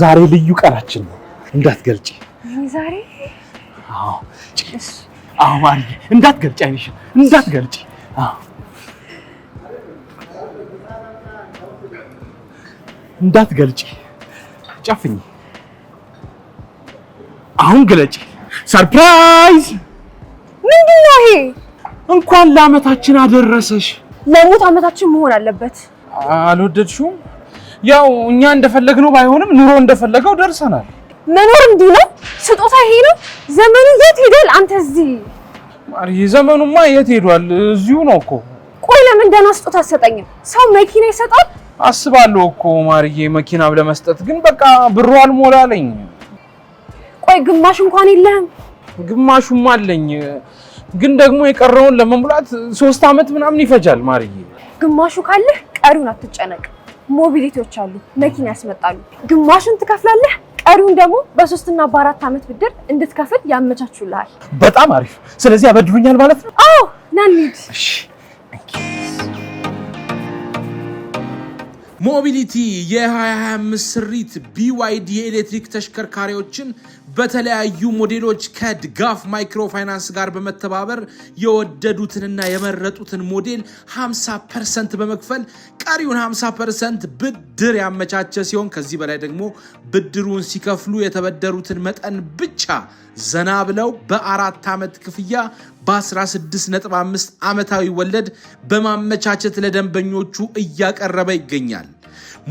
ዛሬ ልዩ ቀናችን ነው፣ እንዳትገልጪ። ዛሬ አዎ፣ አዎ፣ እንዳትገልጪ፣ አይንሽን እንዳትገልጪ። አዎ፣ እንዳትገልጪ። ጨፍኝ፣ አሁን ግለጪ። ሰርፕራይዝ! ምንድን ነው ይሄ? እንኳን ለአመታችን አደረሰሽ። ለሞት አመታችን መሆን አለበት። አልወደድሽውም? ያው እኛ እንደፈለግነው ባይሆንም ኑሮ እንደፈለገው ደርሰናል። መኖር እንዲህ ነው። ስጦታ ይሄ ነው። ዘመኑ የት ሄዷል? አንተ እዚህ ማርዬ፣ ዘመኑማ የት ሄዷል? እዚሁ ነው እኮ። ቆይ ለምን ደህና ስጦታ አትሰጠኝም? ሰው መኪና ይሰጣል? አስባለሁ እኮ ማርዬ፣ መኪና ለመስጠት ግን በቃ ብሩ አልሞላለኝ። ቆይ ግማሽ እንኳን የለህም? ግማሹም አለኝ ግን ደግሞ የቀረውን ለመሙላት ሶስት አመት ምናምን ይፈጃል። ማርዬ ግማሹ ካለህ ቀሪውን አትጨነቅ። ሞቢሊቲዎች አሉ፣ መኪና ያስመጣሉ። ግማሹን ትከፍላለህ፣ ቀሪውን ደግሞ በሶስትና በአራት አመት ብድር እንድትከፍል ያመቻቹልሃል። በጣም አሪፍ። ስለዚህ ያበድሩኛል ማለት ነው? አዎ፣ ና እንሂድ። ሞቢሊቲ የ2025 ስሪት ቢዋይዲ የኤሌክትሪክ ተሽከርካሪዎችን በተለያዩ ሞዴሎች ከድጋፍ ማይክሮፋይናንስ ጋር በመተባበር የወደዱትንና የመረጡትን ሞዴል 50 ፐርሰንት በመክፈል ቀሪውን 50 ፐርሰንት ብድር ያመቻቸ ሲሆን ከዚህ በላይ ደግሞ ብድሩን ሲከፍሉ የተበደሩትን መጠን ብቻ ዘና ብለው በአራት ዓመት ክፍያ በ16.5 ዓመታዊ ወለድ በማመቻቸት ለደንበኞቹ እያቀረበ ይገኛል።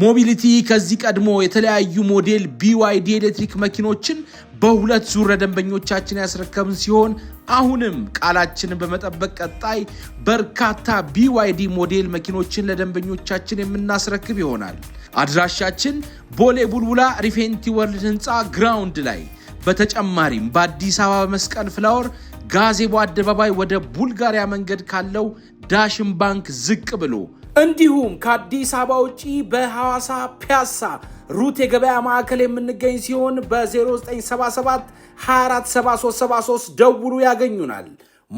ሞቢሊቲ ከዚህ ቀድሞ የተለያዩ ሞዴል ቢዋይዲ ኤሌክትሪክ መኪኖችን በሁለት ዙር ለደንበኞቻችን ያስረከብን ሲሆን አሁንም ቃላችንን በመጠበቅ ቀጣይ በርካታ ቢዋይዲ ሞዴል መኪኖችን ለደንበኞቻችን የምናስረክብ ይሆናል። አድራሻችን ቦሌ ቡልቡላ ሪፌንቲ ወርልድ ህንፃ ግራውንድ ላይ በተጨማሪም በአዲስ አበባ መስቀል ፍላወር ጋዜቦ አደባባይ ወደ ቡልጋሪያ መንገድ ካለው ዳሽን ባንክ ዝቅ ብሎ እንዲሁም ከአዲስ አበባ ውጪ በሐዋሳ ፒያሳ ሩት የገበያ ማዕከል የምንገኝ ሲሆን በ0977 247373 ደውሉ ያገኙናል።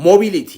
ሞቢሊቲ